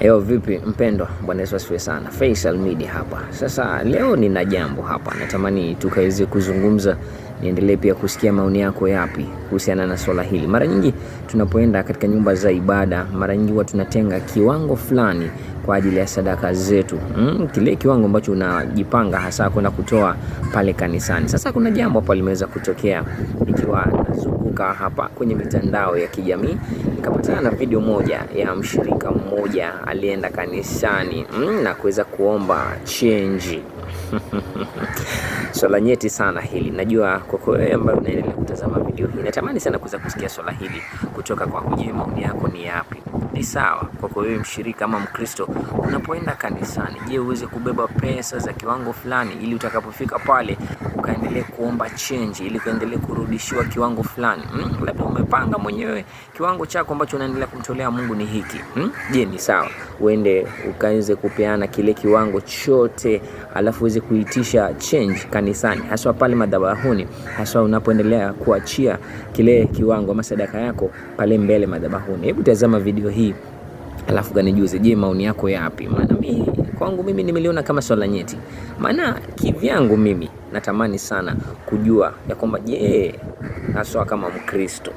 Yo, vipi mpendwa? Bwana Yesu asifiwe sana. Faisal Media hapa. Sasa leo nina jambo hapa, natamani tukaweze kuzungumza niendelee pia kusikia maoni yako yapi kuhusiana na swala hili. Mara nyingi tunapoenda katika nyumba za ibada, mara nyingi huwa tunatenga kiwango fulani kwa ajili ya sadaka zetu mm, kile kiwango ambacho unajipanga hasa kwenda kutoa pale kanisani. Sasa kuna jambo hapa limeweza kutokea, ikiwa nazunguka hapa kwenye mitandao ya kijamii nikapatana na video moja ya mshirika mmoja alienda kanisani mm, na kuweza kuomba chenji Swala nyeti sana hili. Najua kwa kweli ambayo unaendelea kutazama video hii, natamani sana kuweza kusikia swala hili kutoka kwa kujie, maoni yako ni yapi? Ni sawa kwako wewe mshirika ama Mkristo, unapoenda kanisani, je, uweze kubeba pesa za kiwango fulani ili utakapofika pale ukaendelee kuomba change ili kaendelee kurudishiwa kiwango fulani hmm? Labda umepanga mwenyewe kiwango chako ambacho unaendelea kumtolea Mungu ni hiki hmm? Je, ni sawa uende ukaweze kupeana kile kiwango chote alafu alafu uweze kuitisha change kanisani, haswa pale madhabahuni, haswa unapoendelea kuachia kile kiwango ama sadaka yako pale mbele madhabahuni. Hebu tazama video hii alafu kanijuze, je, maoni yako yapi? Maana mimi kwangu mimi nimeliona kama swala nyeti, maana kivyangu mimi natamani sana kujua ya kwamba je, haswa kama Mkristo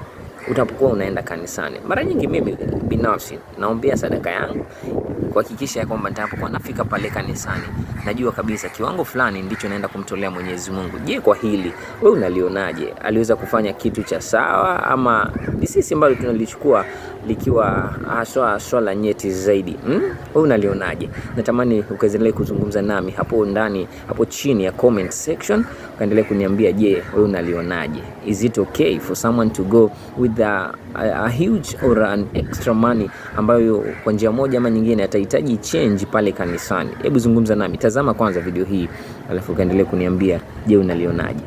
utapokuwa unaenda kanisani. Mara nyingi mimi binafsi naombea sadaka yangu kuhakikisha ya kwamba nitakapokuwa nafika pale kanisani najua kabisa kiwango fulani ndicho naenda kumtolea Mwenyezi Mungu. Je, kwa hili wewe unalionaje? Aliweza kufanya kitu cha sawa ama ni sisi ambao tunalichukua likiwa haswa swala nyeti zaidi. Hmm? Wewe hmm? Unalionaje? Natamani ukaendelee kuzungumza nami hapo ndani, hapo chini ya comment section, ukaendelee kuniambia je, wewe unalionaje? Is it okay for someone to go with a, a, a huge or an extra money ambayo kwa njia moja ama nyingine atahitaji change pale kanisani? Hebu zungumza nami, tazama kwanza video hii alafu ukaendelee kuniambia je, unalionaje?